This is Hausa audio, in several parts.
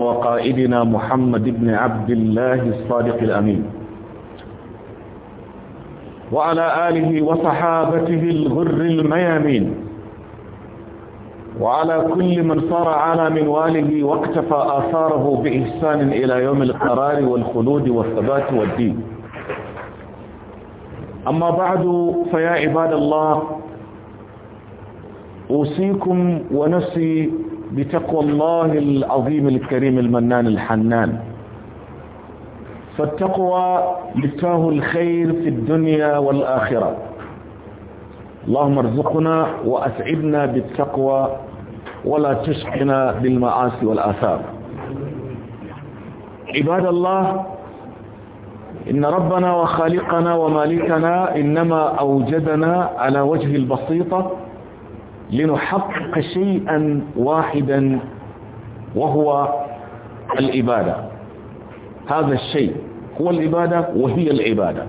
وقائدنا محمد بن عبد الله الصادق الأمين وعلى آله وصحابته الغر الميامين وعلى كل من صار على من واله واكتفى آثاره بإحسان إلى يوم القرار والخلود والثبات والدين أما بعد فيا عباد الله أوصيكم ونفسي بتقوى الله العظيم الكريم المنان الحنان فالتقوى لتاه الخير في الدنيا والآخرة اللهم ارزقنا وأسعدنا بالتقوى ولا تشقنا بالمعاصي والآثار عباد الله إن ربنا وخالقنا ومالكنا إنما أوجدنا على وجه البسيطة لنحقق شيئا واحدا وهو الإبادة هذا الشيء هو الإبادة وهي العبادة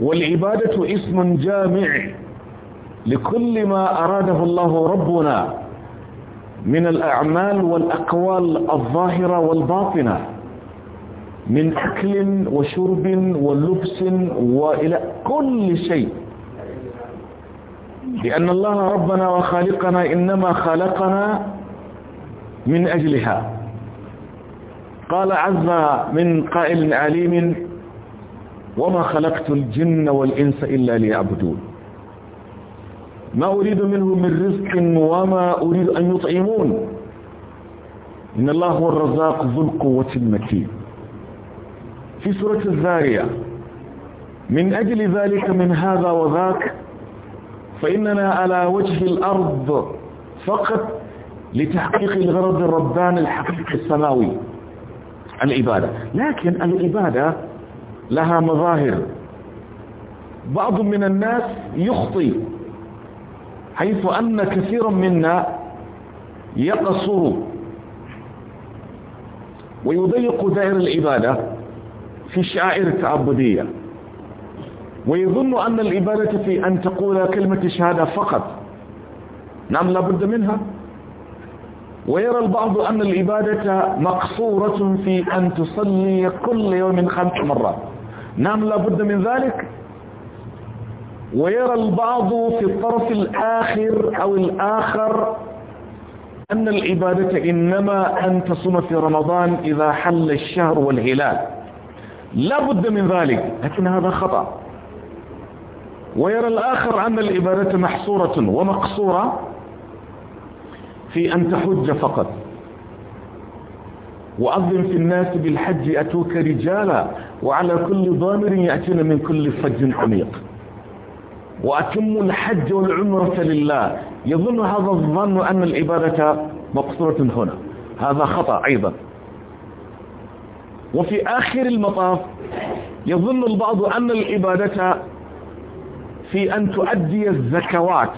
والعبادة اسم جامع لكل ما أراده الله ربنا من الأعمال والأقوال الظاهرة والباطنة من أكل وشرب ولبس وإلى كل شيء لأن الله ربنا وخالقنا إنما خلقنا من أجلها قال عز من قائل عليم وما خلقت الجن والإنس إلا ليعبدون ما أريد منه من رزق وما أريد أن يطعمون إن الله هو الرزاق ذو القوة المتين في سورة الزارية من أجل ذلك من هذا وذاك فإننا على وجه الأرض فقط لتحقيق الغرض الرباني الحقيقي السماوي العبادة لكن العبادة لها مظاهر بعض من الناس يخطي حيث أن كثيرا منا يقصر ويضيق دائر العبادة في الشعائر التعبدية ويظن أن الإبادة في أن تقول كلمة الشهادة فقط نعم لابد منها ويرى البعض أن الإبادة مقصورة في أن تصلي كل يوم خمس مرات نعم لابد من ذلك ويرى البعض في الطرف الآخر أو الآخر أن العبادة إنما أن تصوم في رمضان إذا حل الشهر والهلال لا بد من ذلك لكن هذا خطأ ويرى الآخر أن الإبادة محصورة ومقصورة في أن تحج فقط وأظم في الناس بالحج أتوك رجالا وعلى كل ضامر يأتينا من كل فج عميق وأتم الحج والعمرة لله يظن هذا الظن أن العبادة مقصورة هنا هذا خطأ أيضا وفي آخر المطاف يظن البعض أن العبادة في أن تؤدي الزكوات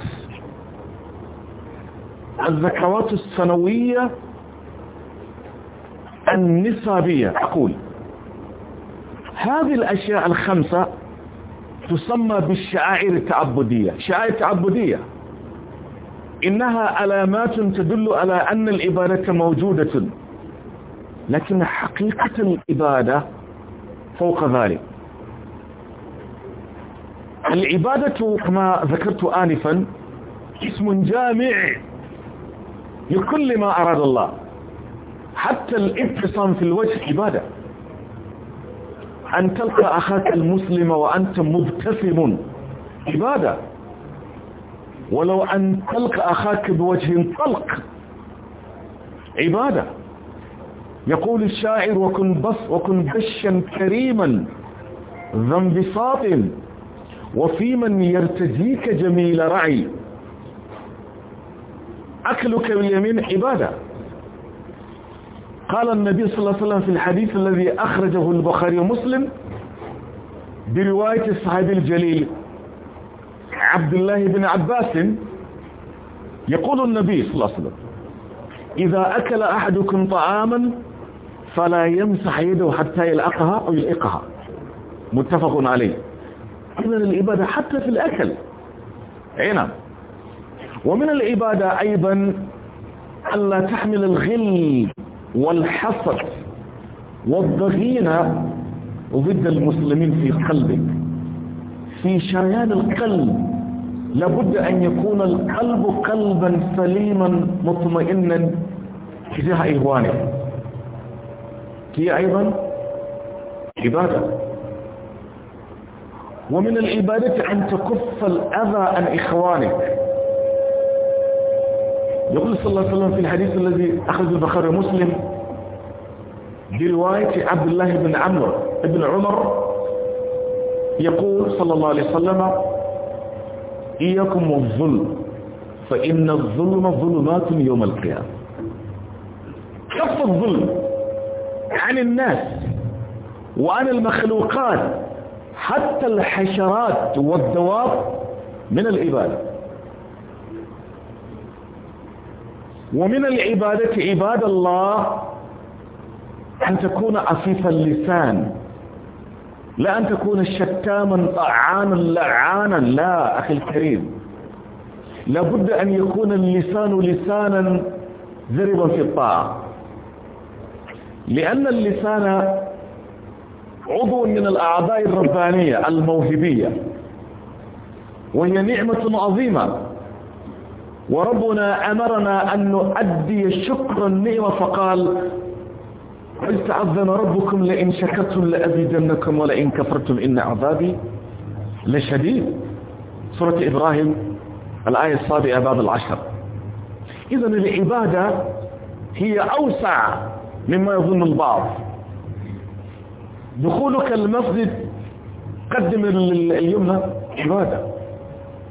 الزكوات السنوية النصابية أقول هذه الأشياء الخمسة تسمى بالشعائر التعبدية شعائر تعبدية إنها علامات تدل على أن الإبادة موجودة لكن حقيقة الإبادة فوق ذلك العبادة كما ذكرت آنفا اسم جامع لكل ما أراد الله حتى الابتسام في الوجه عبادة أن تلقى أخاك المسلم وأنت مبتسم عبادة ولو أن تلقى أخاك بوجه طلق عبادة يقول الشاعر وكن بس وكن بشا كريما ذا انبساط وفي من يرتجيك جميل رعي أكلك باليمين عبادة قال النبي صلى الله عليه وسلم في الحديث الذي أخرجه البخاري ومسلم برواية الصحابي الجليل عبد الله بن عباس يقول النبي صلى الله عليه وسلم إذا أكل أحدكم طعاما فلا يمسح يده حتى يلأقها أو يلأقها متفق عليه من العبادة حتى في الأكل عنب نعم. ومن العبادة أيضا ألا تحمل الغل والحسد والضغينة ضد المسلمين في قلبك في شريان القلب لابد أن يكون القلب قلبا سليما مطمئنا تجاه إخوانه هي أيضا عبادة ومن العبادة أن تكف الأذى عن إخوانك يقول صلى الله عليه وسلم في الحديث الذي أخرجه البخاري مسلم برواية عبد الله بن عمرو بن عمر يقول صلى الله عليه وسلم إياكم والظلم فإن الظلم ظلمات يوم القيامة كف الظلم عن الناس وعن المخلوقات حتى الحشرات والدواب من العبادة ومن العبادة عباد الله أن تكون عفيف اللسان لا أن تكون شتاما طعانا لعانا لا أخي الكريم لابد أن يكون اللسان لسانا ذربا في الطاعة لأن اللسان عضو من الأعضاء الربانية الموهبية وهي نعمة عظيمة وربنا أمرنا أن نؤدي شكر النعمة فقال قل تعذن ربكم لئن شكرتم لأزيدنكم ولئن كفرتم إن عذابي لشديد سورة إبراهيم الآية السابعة بعد العشر إذا العبادة هي أوسع مما يظن البعض دخولك المسجد قدم اليمنى عبادة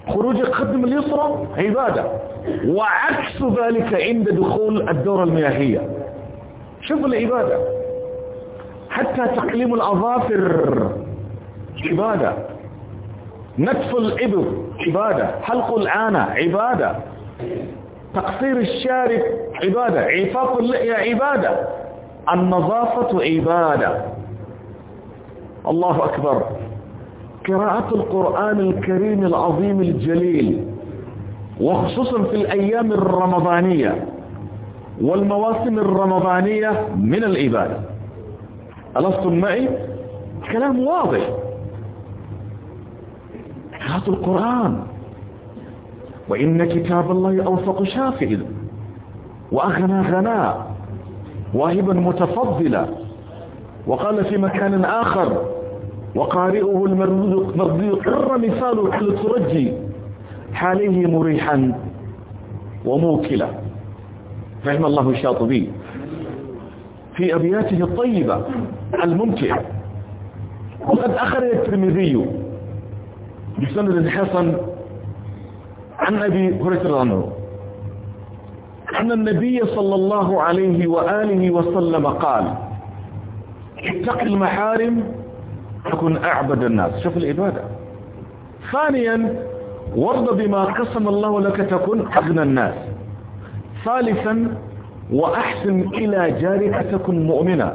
خروجك قدم اليسرى عبادة وعكس ذلك عند دخول الدورة المياهية شوف العبادة حتى تقليم الأظافر عبادة نتف الإبر عبادة حلق العانة عبادة تقصير الشارب عبادة عفاف اللحية عبادة النظافة عبادة الله أكبر قراءة القرآن الكريم العظيم الجليل وخصوصا في الأيام الرمضانية والمواسم الرمضانية من العبادة ألستم معي؟ كلام واضح قراءة القرآن وإن كتاب الله أوفق شافع وأغنى غناء واهبا متفضلا وقال في مكان آخر وقارئه المردود قر مثاله الترجي حاله مريحا وموكلا رحم الله الشاطبي في أبياته الطيبة الممتعة وقد أخرج الترمذي بسند الحسن عن أبي هريرة عنه أن النبي صلى الله عليه وآله وسلم قال اتق المحارم تكن أعبد الناس شوف الإبادة ثانيا وارض بما قسم الله لك تكن أغنى الناس ثالثا وأحسن إلى جارك تكن مؤمنا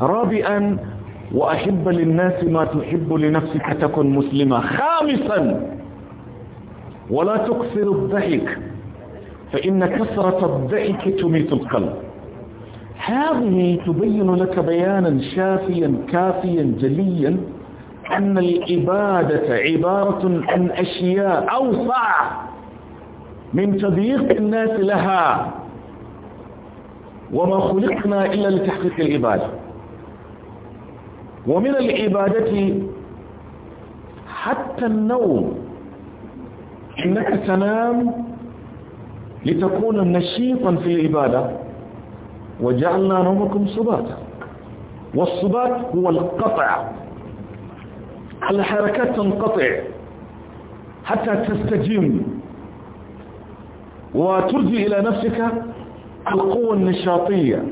رابعا وأحب للناس ما تحب لنفسك تكن مسلما خامسا ولا تكثر الضحك فإن كثرة الضحك تميت القلب هذه تبين لك بيانا شافيا كافيا جليا أن الإبادة عبارة عن أشياء أوسع من تضييق الناس لها وما خلقنا إلا لتحقيق العبادة ومن العبادة حتى النوم إنك تنام لتكون نشيطا في العبادة وجعلنا نومكم صباتا والصبات هو القطع الحركات تنقطع حتى تستجيم وترجي إلى نفسك القوة النشاطية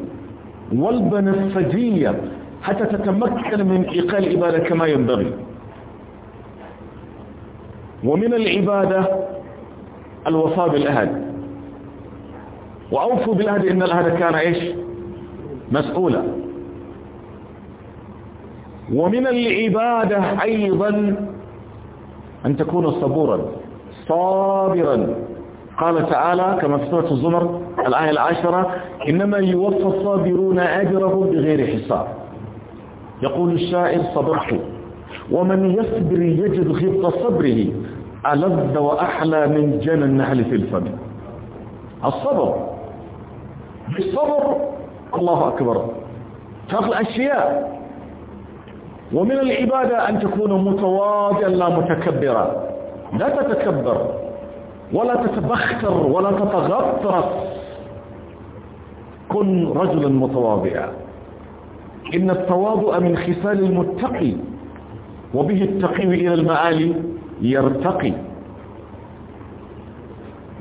والبنفسجية حتى تتمكن من إيقاع العبادة كما ينبغي ومن العبادة الوفاء بالاهل وأوفوا بالعهد إن العهد كان إيش مسؤولا ومن العبادة أيضا أن تكون صبورا صابرا قال تعالى كما في سورة الزمر الآية العاشرة إنما يوفى الصابرون أجرهم بغير حساب يقول الشاعر صبرت ومن يصبر يجد غبط صبره ألذ وأحلى من جنى النحل في الفم الصبر بالصبر الله أكبر ترك الأشياء ومن العبادة أن تكون متواضعا لا متكبرا لا تتكبر ولا تتبختر ولا تتغطرس كن رجلا متواضعا إن التواضع من خصال المتقي وبه التقي إلى المعالي يرتقي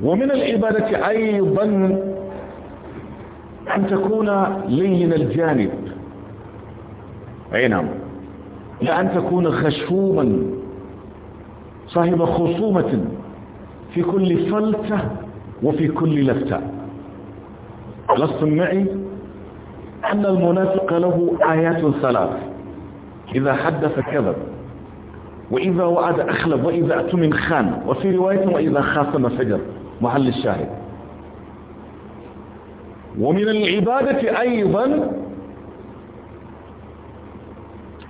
ومن العبادة أيضا أن تكون لين الجانب أي نعم لا أن تكون خشوما صاحب خصومة في كل فلتة وفي كل لفتة لست معي أن المنافق له آيات ثلاث إذا حدث كذب وإذا وعد أخلب وإذا أتمن خان وفي رواية وإذا خاصم فجر محل الشاهد ومن العبادة أيضا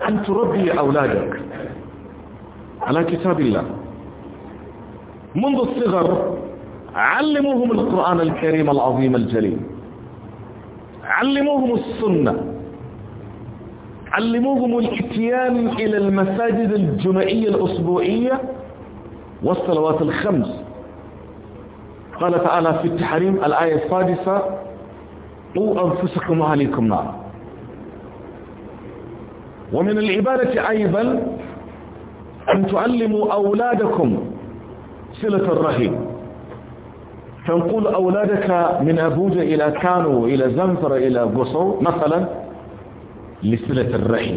أن تربي أولادك على كتاب الله منذ الصغر علموهم القرآن الكريم العظيم الجليل علموهم السنة علموهم الاتيان إلى المساجد الجمعية الأسبوعية والصلوات الخمس قال تعالى في التحريم الآية السادسة قوا أنفسكم وعليكم نار ومن العبادة أيضا أن تعلموا أولادكم صلة الرحم فنقول أولادك من أبوجة إلى كانو إلى زنفر إلى قصو مثلا لصلة الرحم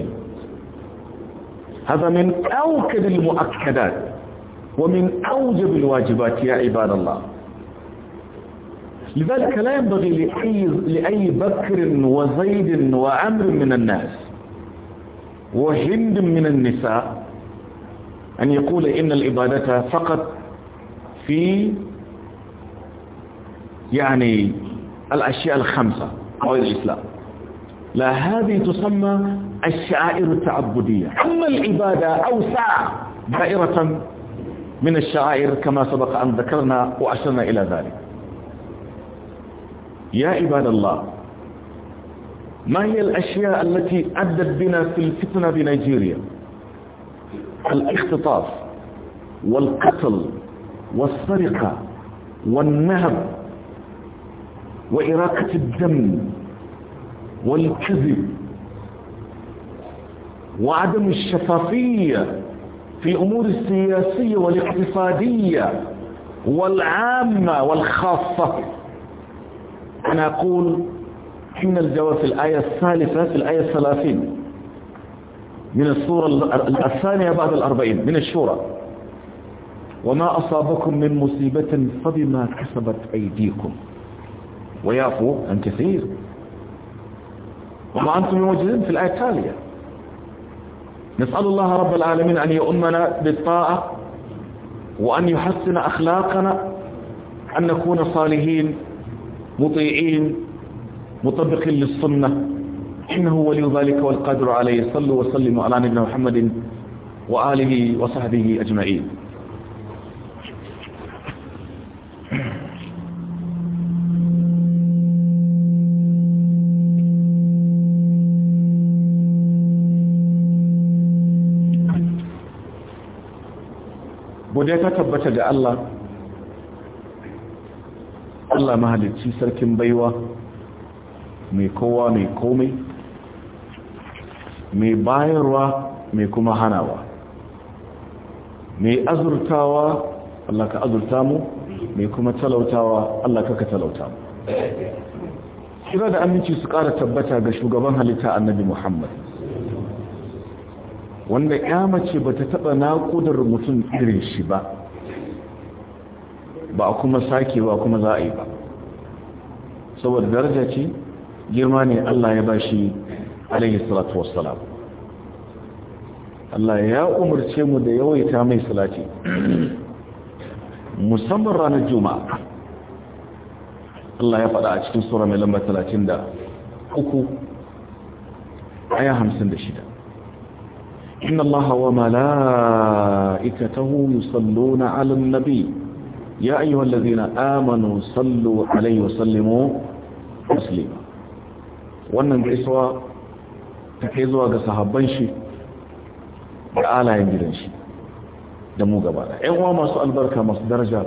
هذا من أوكد المؤكدات ومن أوجب الواجبات يا عباد الله لذلك لا ينبغي لأي, لأي بكر وزيد وعمر من الناس وهند من النساء أن يقول إن العبادة فقط في يعني الأشياء الخمسة أو الإسلام لا هذه تسمى الشعائر التعبدية أما العبادة أوسع دائرة من الشعائر كما سبق أن ذكرنا وأشرنا إلى ذلك يا عباد الله ما هي الأشياء التي أدت بنا في الفتنة بنيجيريا الاختطاف والقتل والسرقة والنهب وإراقة الدم والكذب وعدم الشفافية في الأمور السياسية والاقتصادية والعامة والخاصة أنا أقول إن الجواب في الآية الثالثة في الآية الثلاثين من الصورة الثانية بعد الأربعين من الشورى وما أصابكم من مصيبة فبما كسبت أيديكم ويعفو عن كثير وما أنتم موجودين في الآية التالية نسأل الله رب العالمين أن يؤمنا بالطاعة وأن يحسن أخلاقنا أن نكون صالحين مطيعين مطبقين للسنة إنه ولي ذلك والقادر عليه صلوا وسلموا على نبينا محمد وآله وصحبه أجمعين godiya ta tabbata ga Allah Allah mahalicci sarkin baiwa mai kowa mai komai mai bayarwa mai kuma hanawa mai azurtawa Allah ka azurta mu mai kuma talautawa Allah ka ka talauta mu kira da aminci su ƙara tabbata ga shugaban halitta annabi Muhammad wanda ya mace ba ta taɓa naƙudar mutum irin shi ba ba kuma sake ba kuma za a yi ba saboda daraja ce girma ne Allah ya bashi alaihi salatu wassalam Allah ya umarce mu da yawaita mai salati musamman ranar juma'a Allah ya faɗa a cikin sura mai lamba 33 aya 56 إن الله وملائكته يصلون على النبي يا أيها الذين آمنوا صلوا عليه وسلموا تسليما wannan gaisuwa ta zuwa ga sahabban shi da alayen gidan shi da mu gaba da uwa masu albarka masu daraja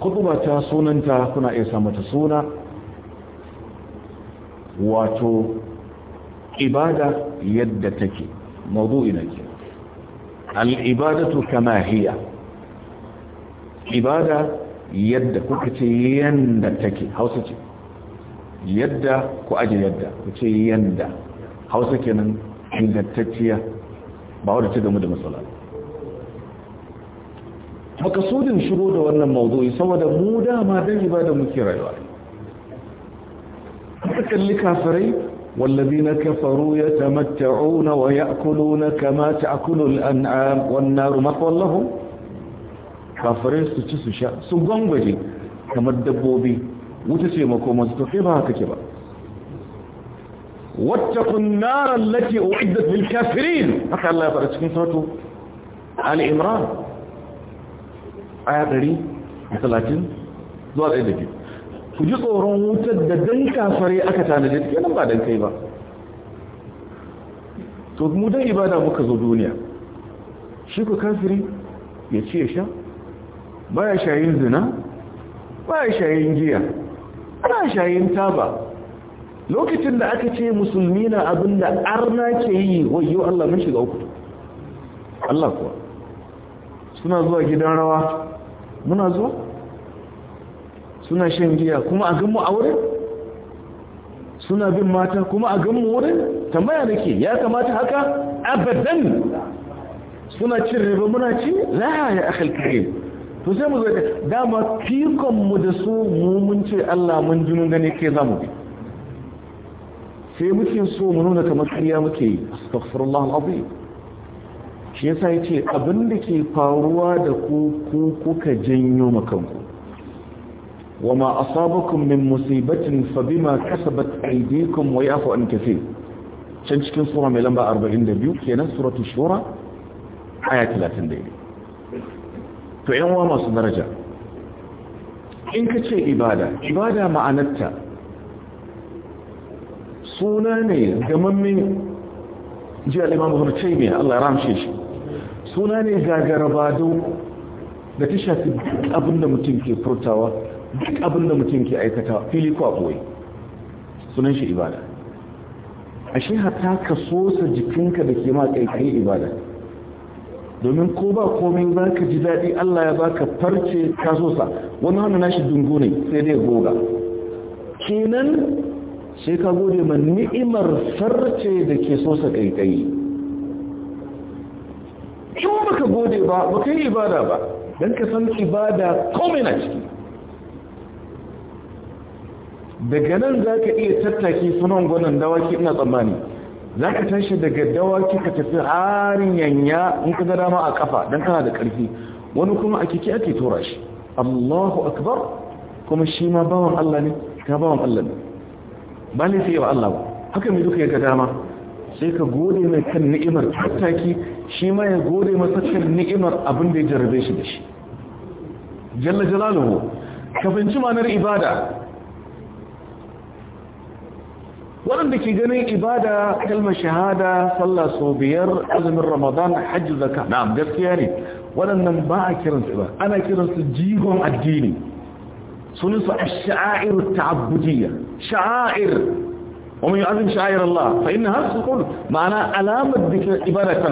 kutuba ta sunanta kuna iya sa mata suna wato ibada yadda take mawdu'i nake al ibadatu kama ibada yadda kuka ce yanda take hausa ce yadda ku aje yadda ku ce yanda hausa kenan ingantacciya ba wadda ta gamu da matsala makasudin shigo da wannan mawdu'i saboda mu dama don ibada muke rayuwa haka kalli kafirai ya كفروا يتمتعون ويأكلون كما تأكل الأنعام والنار مطوى لهم kafirai su ci su sha su gwangwaje kamar dabbobi wuta ce makoma su tafi ba haka ke ba wattakun naran lati uiddat lil kafirin haka Allah ya faɗa cikin sato Ali ayyadari aya talatin zuwa da ke ku ji tsoron wutar da dan kafare aka tanaje nan ba dan kai ba to mu dan ibada muka zo duniya shi ku kafiri ya ci ya sha baya shayin zina baya shayin giya baya shayin taba lokacin da aka ce musulmi na abin arna ke yi wayo Allah mun shiga uku Allah kuwa suna zuwa gidan rawa muna zuwa suna shan giya kuma a ganmu a wurin suna bin mata kuma a ganmu wurin tambaya nake ya kamata haka abadan suna cin riba muna ci la ya akhil karim to sai mu zo da dama fikon mu da su mu mun ce Allah mun junun gane ke za mu bi sai muke so mu nuna kamar kariya muke yi astaghfirullah alazim shi yasa yace abin da ke faruwa da ku ku kuka janyo makanku wama asabakum min musibatin fa bima kasabat aydikum wa yafu an kaseer can cikin sura mai lamba 42 kenan suratul shura aya 31 to yan uwa masu daraja in ka ce ibada ibada ma'anarta suna ne gamammin jiya limamu hurtai mai allah ramshe shi suna ne gagarabado da ta shafi duk abinda mutum ke furtawa duk abinda mutum ke aikata fili ko abuwai sunan shi ibada A shi hata ka sosa jikinka da ke ma kai ibada domin ko ba komai za ka ji daɗi Allah ya baka farce kasosa wani hannu nashi dungu ne sai dai goga kenan sai ka gode ma ni'imar farce da ke sosa kaikayi in baka gode ba baka yi ibada ba don ka san ibada komai na ciki daga nan za ka iya tattaki sunan gwanon dawaki ina tsammani za ka tashi daga dawaki ka tafi harin yanya in ka ga dama a kafa don kana da ƙarfi wani kuma a kike ake tura shi allahu akbar kuma shi ma bawan allah ne ka bawan allah ne ba ne fiye wa allah ba haka mai duka ya ga dama sai ka gode mai kan ni'imar tattaki shi ma ya gode masa kan ni'imar abin da ya jarabe shi da shi jalla jalaluhu ka fahimci ma'anar ibada waɗanda ke ganin ibada kalmar shahada sallah sau biyar azumin ramadan hajji zaka na gaskiya ne waɗannan ba a kiransu ba ana kiransu jihon addini sun su a sha'ir ta'abbujiya sha'ir wa mai azin Allah fa ina har kun ma'ana alamar da ke ibada ta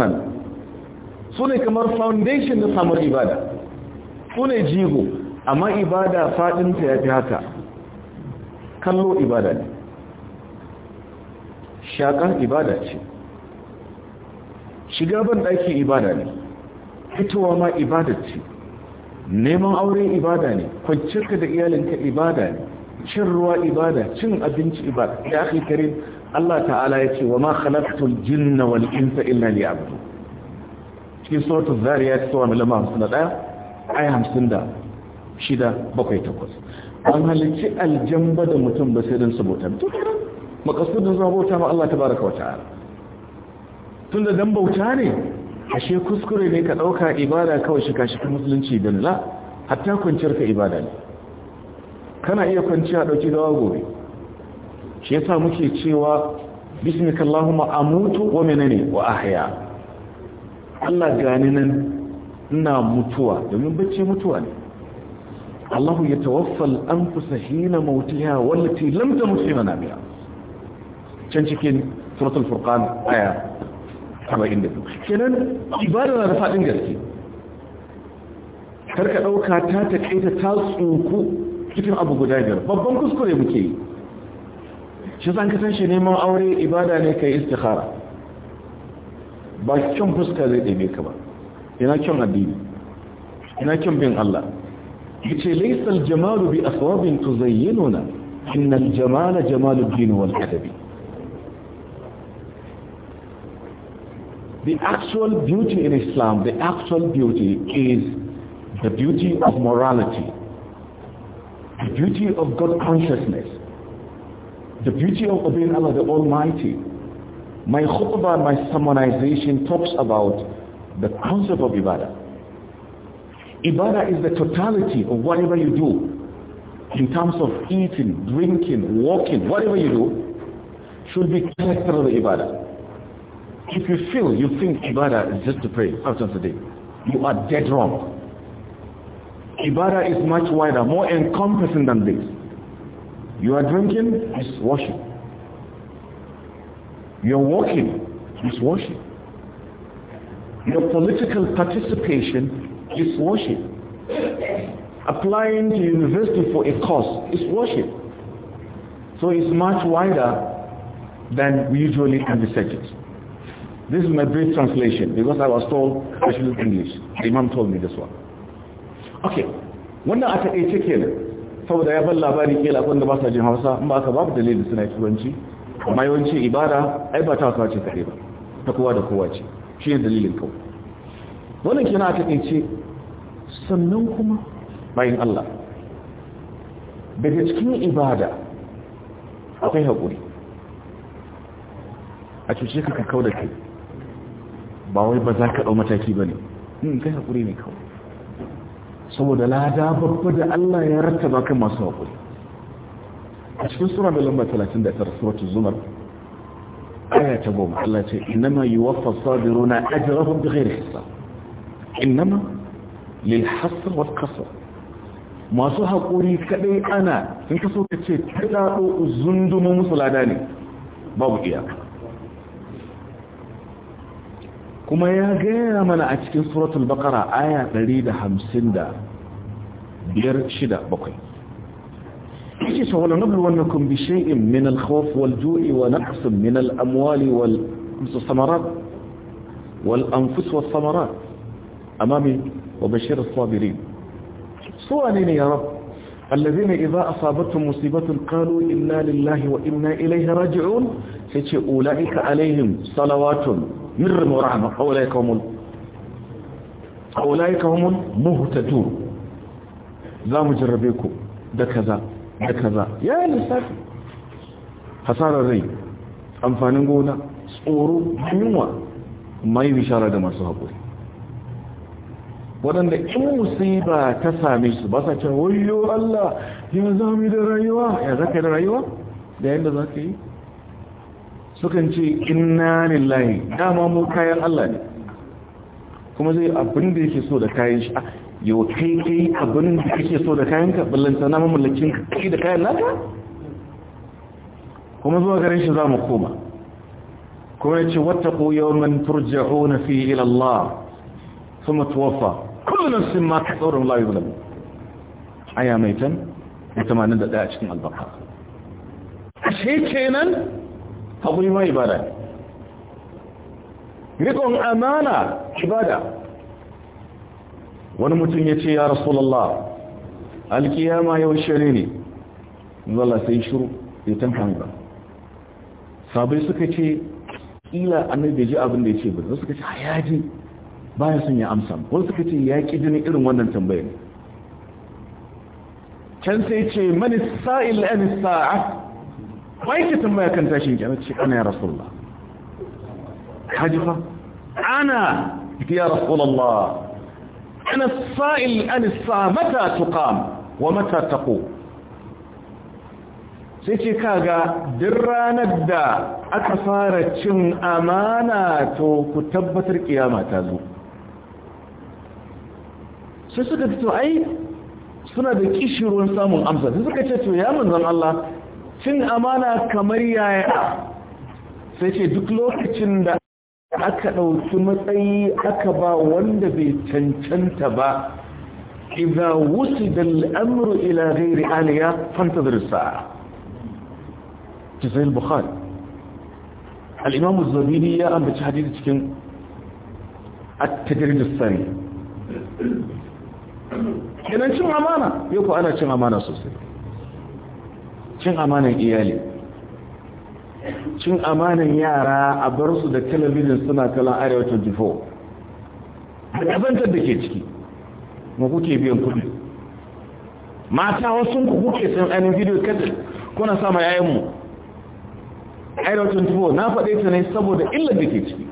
su ne kamar foundation na samun ibada su ne jigo amma ibada faɗinta ya fi haka kallo ibada shaƙa ibada ce shiga ban ɗaki ibada ne fitowa ma ibada ce neman aure ibada ne kwanciyarka da iyalinka ibada ne cin ruwa ibada cin abinci ibada ya ake kare Allah ta'ala ya ce wa ma khalaqtul jinna wal insa illa liya'budu cikin suratul zariyat sura milama 51 aya da shida bakwai takwas an halicci aljamba da mutum ba sai don sabota. mutum makasudin zuwa bauta ma Allah ta baraka wata ta'ala tun da dan bauta ne ashe kuskure ne ka ɗauka ibada kawai shi kashi musulunci don la hatta kwanciyar ka ibada ne kana iya kwanciya dauki gawa gobe shi yasa muke cewa bismikallahumma amutu wa ne wa ahya Allah gani nan ina mutuwa domin bacci mutuwa ne Allah ya tawaffal anfusa hina mautiha wallati lam tamut fi manamiha can cikin suratul furqan aya 72 kenan ibada na da fadin gaske karka dauka ta takaita ta tsuku cikin abu guda biyar babban kuskure muke yi shi zan shi neman aure ibada ne kai istikhara ba kyan fuska zai ɗebe ka ba ina kyan addini ina kyan bin Allah yace laysal jamalu bi aswabin tuzayyinuna inna jamala jamalu din wal adabi The actual beauty in Islam, the actual beauty is the beauty of morality, the beauty of God consciousness, the beauty of obeying Allah the Almighty. My khutbah, my summarization talks about the concept of ibadah. Ibadah is the totality of whatever you do in terms of eating, drinking, walking, whatever you do should be character of ibadah. If you feel you think ibadah is just to pray after today, you are dead wrong. Ibadah is much wider, more encompassing than this. You are drinking, is worship. are walking is worship. Your political participation is worship. Applying to university for a course is worship. So it's much wider than we usually envisage it. This is my brief translation because I was told I should do English. The Imam told me this one. Okay. Wannan a taƙaice kenan saboda ya bar labari ke akwai da ba sa jin Hausa in ba ka babu dalilin suna turanci amma yawanci ibada ai ba ta Hausa ce kaɗai ba ta kowa da kowa ce shi ne dalilin kawo. Wannan aka a ce sannan kuma bayan Allah daga cikin ibada akwai haƙuri a cuce ka ka kau da kai ba wai ba za ka ɗau mataki ba ne in hmm, kai haƙuri ne kawai saboda lada babba da Allah ya rattaba kan masu haƙuri a cikin sura da lamba 39 suratul zumar aya ta goma Allah ce innama yuwaffa sabiruna ajrahum bighairi hisab innama lil hasr wal qasr masu haƙuri kadai ana sun ka so ka ce kada ko zundumo musu lada ne babu iyaka kuma ya gaya mana a cikin suratul baqara aya 155 yake cewa wala nabluwannakum bi shay'in min al-khawf wal-ju'i wa naqsin min al-amwali wal-thamarat wal-anfus was-thamarat amami wa bashir as-sabirin suwanina ya rab الذين إذا أصابتهم مصيبة قالوا إنا لله وإنا إليه راجعون فإن أولئك عليهم صلوات birrin wa rahma aulaika humul aulaika humul muhtadun za mu jarrabe ku da kaza da kaza ya yi lissafi amfanin gona tsoro yunwa mai bishara da masu haƙuri waɗanda in musiba ta same su ba sa cewa Allah ya zami da rayuwa da rayuwa da yadda za ka yi sukan ce inna lillahi dama mu kayan Allah ne kuma zai abin da yake so da kayan shi yau kai kai abin da kake so da kayan ka ballanta na mamallakin kai da kayan naka kuma zuwa garin shi za mu koma kuma ya ce wata man yawman turja'una fi ila Allah thumma tuwaffa kullu nafsin tsoron layu la yuzlam aya mai tan 81 a cikin al-baqara kenan haƙuri ma ibada ne riƙon amana ibada wani mutum ya ce ya rasulallah alkiyama yau shere ne zala sai shuru ya tankan ba sabai suka ce ila annabi ji abin da ya ce ba suka ce ya ji baya sun ya amsa wani suka ce ya ƙi jini irin wannan tambayar can sai ce mani sa'il an sa'a ba yake kan tashin kiyama ce ana ya rasulullah fa. ana ya rasulullah ana sa'il an sa mata tuqam wa mata taqu sai ce kaga duk ranar da aka fara cin amana to ku tabbatar kiyama ta zo sai suka fito ai suna da kishirwan samun amsa sai suka ce to ya manzon Allah cin amana kamar yaya sai ce duk lokacin da aka ɗauki matsayi aka ba wanda bai cancanta ba idza wusida al-amru ila ghairi aliya fantazir sa'a jazayil bukhari al-imam ya ambaci hadisi cikin at-tajrid as cin amana yau ko ana cin amana sosai cin amanan iyali cin amanan yara a bar su da talabijin suna kalan arewa 24 A abantar da ke ciki ma kuke biyan kudi mata wasu ku kuke san ainihin video katil kuna mai yayanmu arewa 24 na faɗe ta ne saboda illar da ke ciki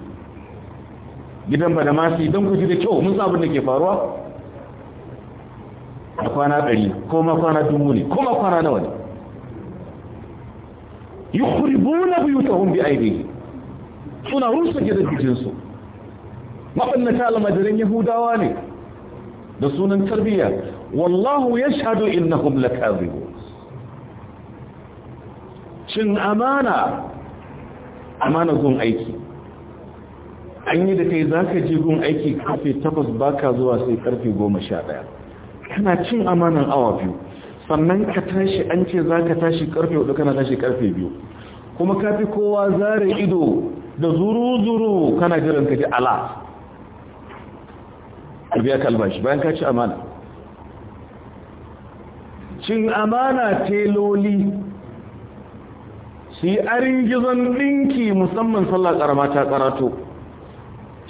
gidan ba da masu idan ku ji da kyau mun sabon da ke faruwa a kwana ɗari ko ma kwana dubu ne ko ma kwana nawa ne yukhribuna buyutahum bi aydihim suna rusa gidajen su mabannata almajiran yahudawa ne da sunan tarbiyya wallahu yashhadu innahum lakazibun cin amana amana gun aiki an yi da kai za ka je gun aiki karfe 8 baka zuwa sai karfe 11 kana cin amanan awa biyu sannan ka tashi an ce za ka tashi karfe hudu kana tashi karfe biyu kuma ka fi kowa zare ido da zuru-zuru kana jiran ka ji ala biya kalbashi bayan ka ci amana cin amana teloli su yi arin gizon ɗinki musamman sallah ƙarama ta ƙarato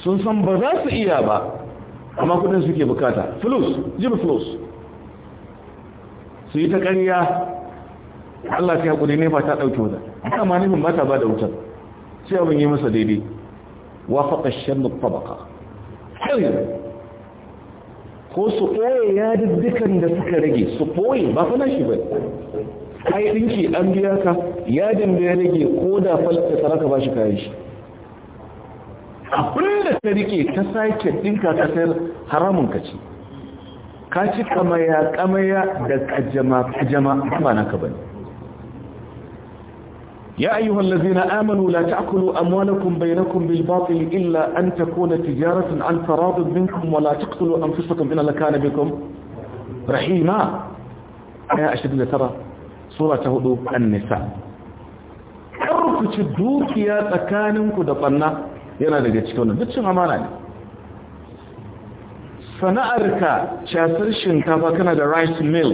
sun san ba za su iya ba amma kudin suke bukata flus jibi flus su yi ta ƙarya Allah ta hakuri ne ba ta ɗauke wuta ma nufin ba ta ba da wutar sai abin yi masa daidai wa faɗa shan ka. hanyar ko su ɓoye ya dukkan da suka rage su ɓoye ba fa shi ba kai ɗinki an biya ka yadin da ya rage ko da falta saraka ba shi kayan shi abin da ta rike ta sake ɗinka ta sayar haramun ka ce ka ci kamaya kamaya da kajama kajama ba naka bane يا أيها الذين آمنوا لا تأكلوا أموالكم بينكم بالباطل إلا أن تكون تجارة عن تراض منكم ولا تقتلوا أنفسكم إن الله كان بكم رحيما يا أشد ترى سورة هدو النساء أركت الدوكيا تكاننك دفنا ينا لجتشكونا دتشم أمانا sana'arka casar shinkafa kana da rice mill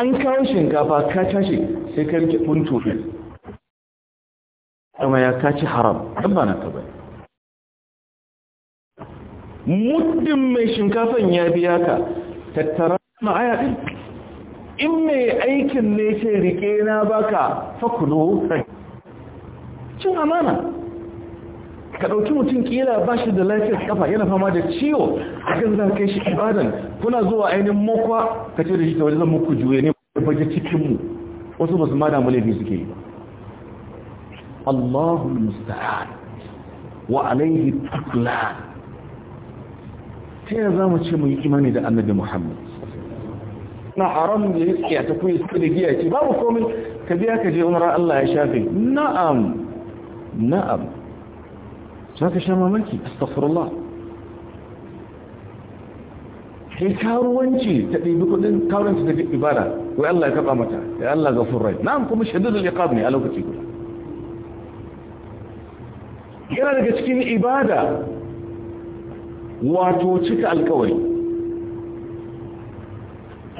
an kawo shinkafa ka tashi sai ka rike buntufi amma ya kaci haram ɗan na taɓa muddin mai shinkafan ya biya ka tattara ma'aya ɗin in mai aikin ne ce rike na baka fakulu cin amana ka ɗauki mutum kila ba shi da lafiyar kafa yana fama da ciwo a kan za kai shi ibadan kuna zuwa ainihin mokwa ka ce da shi ta wajen zan muku juye ne baje cikinmu wasu ba su ma damu laifi suke yi ba Allahu musta'an wa alaihi taqla ta za mu ce mu yi imani da annabi Muhammad na haram da ya tsiya ta kuyi da giya ce babu komai ka biya ka je umra Allah ya shafe na'am na'am za ka sha mamaki astaghfirullah sai karuwanci ta ɗibi kudin karuwanci da duk ibada wai Allah ya taɓa mata ya Allah ga furrai na'am kuma shaidu da iqab ne a lokaci guda yana daga cikin ibada wato cika alkawari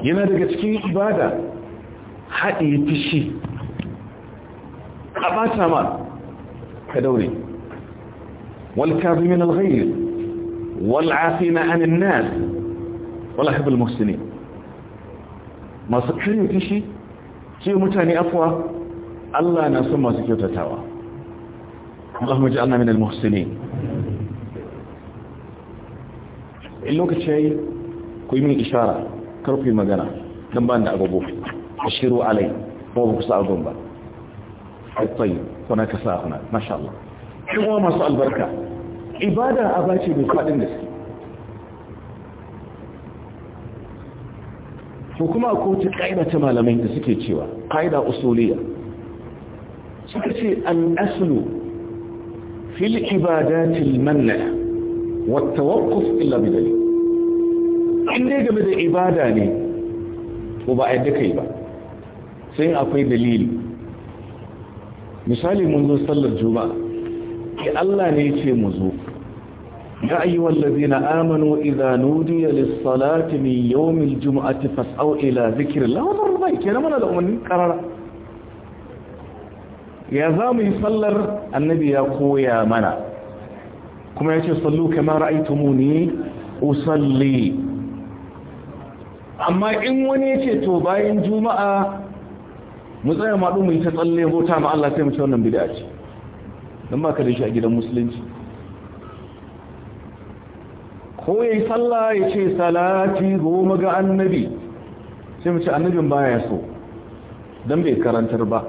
yana daga cikin ibada haɗe fishi a ɓata ma ka daure والكاظمين الغيظ والعافين عن الناس wala haɓar musulmi masu kirin kishi ce mutane afuwa Allah na son masu kyautatawa Allah maji Allah min al-muhsini in lokaci yayi ku yi min ishara karfi magana don ba da agogo ashiru alai ba ku sa agon ba ai tsayi kuna kasa masha Allah masu albarka ibada aba ce mai faɗin gaske ko kuma ko ta malamai da suke cewa ƙa'ida usuliya suka ce an aslu fil ibadatil manna wa tawaqquf illa bidali in dai game da ibada ne ko ba yadda kai ba sai akwai dalili misali mun zo sallar juma'a ce Allah ne ce mu zo ya ayyuhal ladzina amanu idza nudiya lis min yawmil jum'ati fas'au ila dhikrillah wa dharra bai kenan mana da umarni karara ya za mu yi sallar annabi ya koya mana kuma ya ce sallu ne, ra'aytumuni usalli amma in wani yace ce to bayan juma'a mu tsaya maɗu mu yi ta tsalle hota ma Allah sai mu ce wannan bid'a ce don ba ka da shi a gidan musulunci ko ya yi sallah ya ce salati goma ga annabi sai mace annabin baya so don bai karantar ba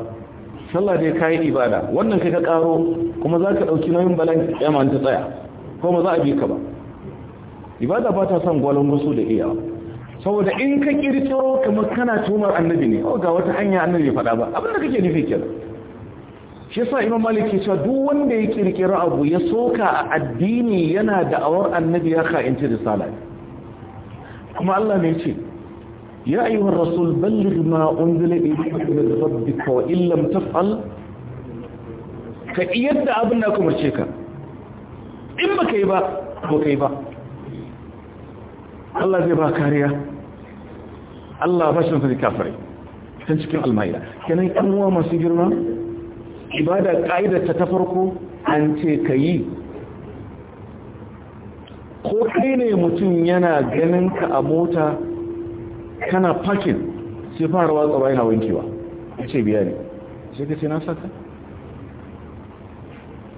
sallah dai yi ibada wannan kai ka karo kuma za ka ɗauki nauyin balan yaman ta tsaya kuma za a bi ka ba ibada ba ta son gwalon wasu da iya saboda in ka kirkiro kamar kana tumar annabi ne oh, ga wata hanya annabi faɗa ba abinda kake nufi kenan shi sa imam malik ya ce duk wanda ya kirkira abu ya soka a addini yana da'awar annabi ya kha'inci risala kuma Allah ne ce ya ayyuhar rasul balligh ma unzila ilayka min rabbika wa in lam taf'al ka iyadda abin da kuma ce ka in baka yi ba ko kai ba Allah zai ba kariya Allah ba shi da kafirai san cikin almaida kenan kan masu girma ibada ƙa'idar ta ta farko an ce ka yi ko kai ne mutum yana ganin ka a mota kana fakin sai fara watsa bayan wankewa a ce biya ne sai ka ce na saka?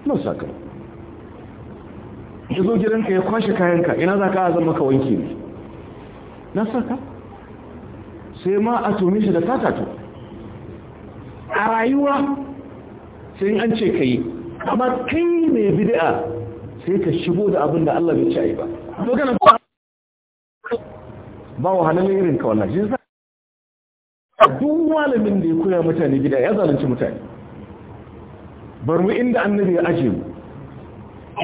na saka ya zo gidanka ya kwashe kayanka ina za ka zama ka wanke ne na saka sai ma a tumi shi da satato a rayuwa sai an ce ka yi amma kai mai bid'a sai ka shigo da abin da Allah bai ci a yi ba to kana ba irin ka wannan shi duk malamin da ya koya mutane bid'a ya zalunci mutane bar mu inda annabi ya aje mu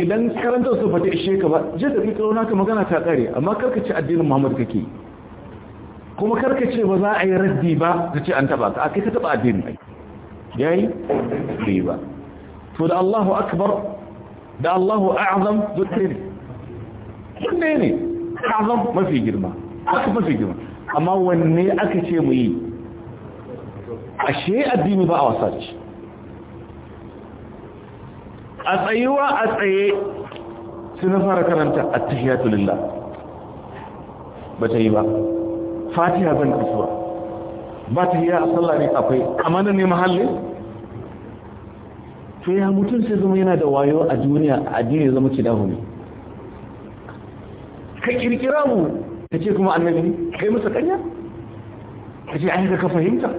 idan karanta su fata ishe ka ba je da fitar naka magana ta kare amma karka ci addinin Muhammad kake kuma karka ce ba za a yi raddi ba kace an taba ka akai ka taba addinin yayi riba to da Allahu akbar da Allahu a'zam dukkan ne ne a'zam mafi girma aka mafi girma amma wanne aka ce mu yi ashe addini ba a wasa ce a tsayuwa a tsaye sai fara karanta attahiyatu lillah ta yi ba fatiha ban kasuwa ba ta hiya a tsalla ne akwai amma ne mahalli to ya mutum sai zama yana da wayo a duniya a jini zama dahu ne ka kirkira mu ka ce kuma annabi ne kai masa kanya ka ce ainihin ka fahimta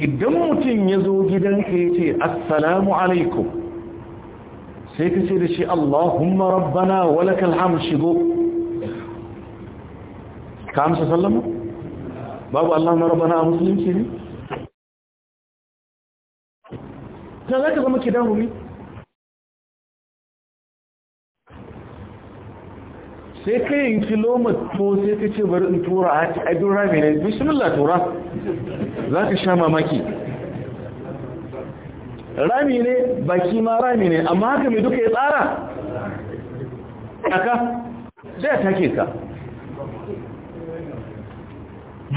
idan mutum ya zo gidanka ya ce assalamu alaikum sai ka ce da shi Allahumma rabbana walakal hamd shigo ka amsa sallama babu Allah na rabana a musulunci ne ta za ka zama ki sai ka yi kilomato sai ka ce bari in tura a ci abin rami ne bishimillah, tura za ka sha mamaki rami ne baki ma rami ne amma haka mai duka ya tsara aka zai take ka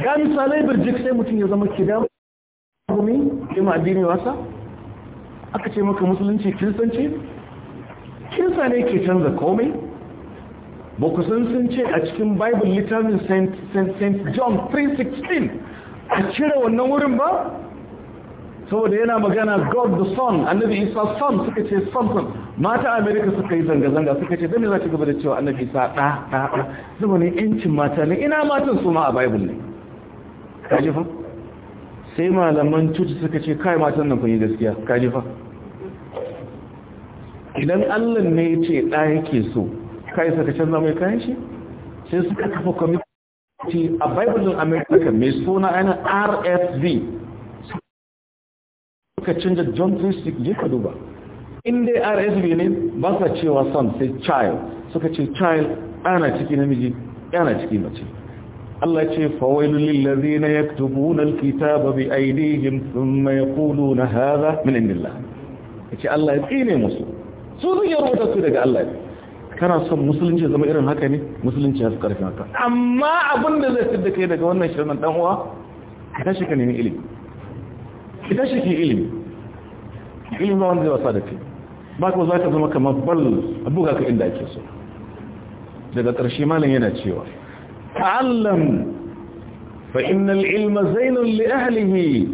ga misalai birjik sai mutum ya zama kidan gumi ma addini wasa aka ce maka musulunci kiristanci kirista ne ke canza komai ba ku san sun ce a cikin bible littafin st john 3:16 a cire wannan wurin ba saboda yana magana god the son annabi isa son suka ce son mata america suka yi zanga-zanga suka ce dami za ci gaba da cewa annabi isa ɗa ɗa ɗa zama ne yancin mata ne ina matan su ma a bible ne kajifa sai malaman cutu suka ce kai matan nan kunyi gaskiya kajifa idan allah ne ya ce ɗaya yake so kai suka canza mai kayan shi sai suka kafa kwamiti a bible america mai suna yana rfv suka canza john christie je ka duba inda rfv ne ba sa cewa son sai child suka ce child ana ciki namiji yana ciki mace Allah ce fawailu lillazina yaktubuna alkitaba bi aydihim thumma yaquluna hadha min indillah yace Allah ya tsine musu su ne ya rubuta su daga Allah kana son musulunci zama irin haka ne musulunci ya karfin haka amma abin da zai fidda kai daga wannan shirin dan uwa ka tashi ka nemi ilimi ka tashi ki ilimi ilimi ba wanda zai wasa da kai ba ka za ka zama kamar bal abuga ka inda ake so daga ƙarshe malam yana cewa تعلم فإن العلم زين لأهله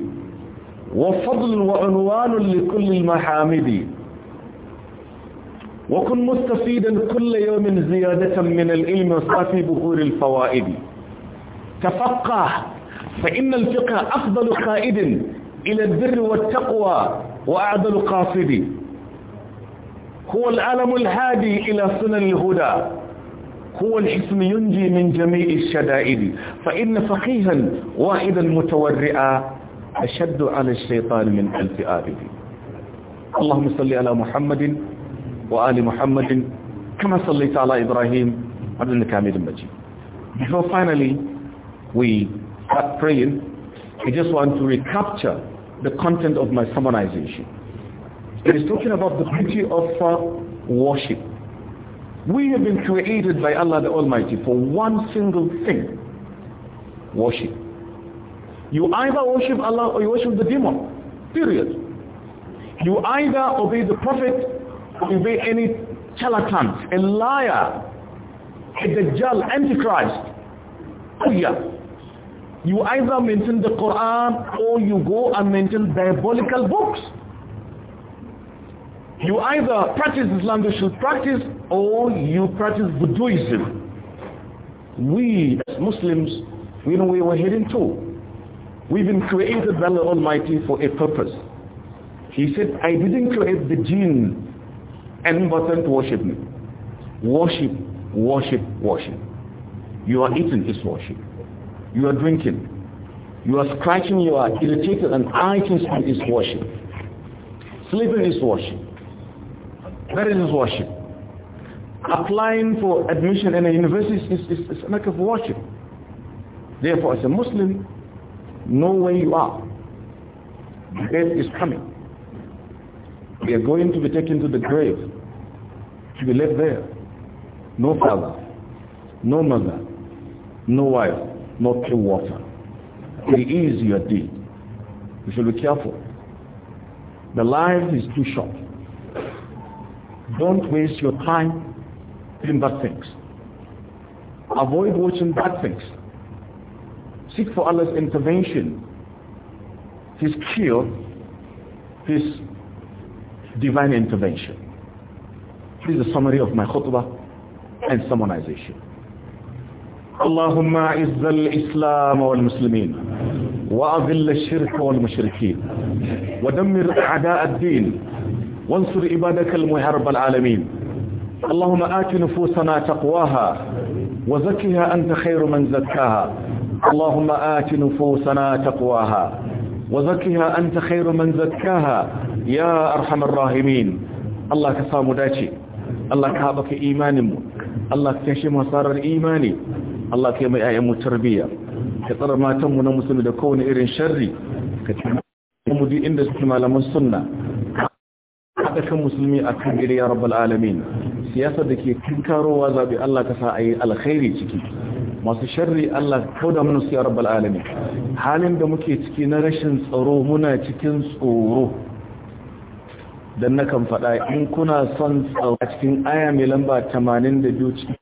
وفضل وعنوان لكل المحامد وكن مستفيدا كل يوم زيادة من العلم وصافي بهور الفوائد تفقه فإن الفقه أفضل قائد إلى البر والتقوى وأعدل قاصد هو العالم الهادي إلى سنن الهدى هو الحسن ينجي من جميع الشدائد فإن فقيها واحدا متورئا أشد على الشيطان من ألف آبد اللهم صل على محمد وآل محمد كما صليت على إبراهيم عبد الكامل Majid before finally we start praying I just want to recapture the content of my summarization it is talking about the beauty of uh, worship We have been created by Allah the Almighty for one single thing. Worship. You either worship Allah or you worship the demon. Period. You either obey the Prophet or obey any charlatan, a liar, a dajjal, antichrist. Oh You either maintain the Quran or you go and maintain diabolical books. You either practice Islam you should practice or you practice Buddhism. We, as Muslims, we know where we're heading to. We've been created by Allah Almighty for a purpose. He said, I didn't create the jinn and for them to worship me. Worship, worship, worship. You are eating is worship. You are drinking. You are scratching, you are irritated, and eating is worship. Sleeping is worship. That is worship applying for admission in a university is, is, is, an act of worship. Therefore, as a Muslim, know where you are. Death is coming. We are going to be taken to the grave, to be left there. No father, no mother, no wife, no pure water. It is your deed. You should be careful. The life is too short. Don't waste your time doing bad things. Avoid watching bad things. Seek for Allah's intervention, His cure, His divine intervention. This is a summary of my khutbah and summarization. اللهم اعز الإسلام والمسلمين وأذل الشرك والمشركين ودمر أعداء الدين وانصر عبادك المهرب العالمين اللهم آت نفوسنا تقواها وزكها أنت خير من زكاها اللهم آت نفوسنا تقواها وزكها أنت خير من زكاها يا أرحم الراحمين الله كسام داشي الله كهابك إيمان الله كتشم وصار الإيماني الله كيما يأيام التربية كطر ما تمنا مسلم لكون إرن شري كتشم دي إندس كما لمن سنة حدك مسلمي أكبر يا رب العالمين siyasar da ke tunkarowa zaɓe Allah ka sa a yi alkhairi ciki masu sharri Allah kauda da su ya rabbal alami halin da muke ciki na rashin tsaro muna cikin tsoro don na kan faɗa in kuna son tsaro a cikin aya mai lamba 82 cikin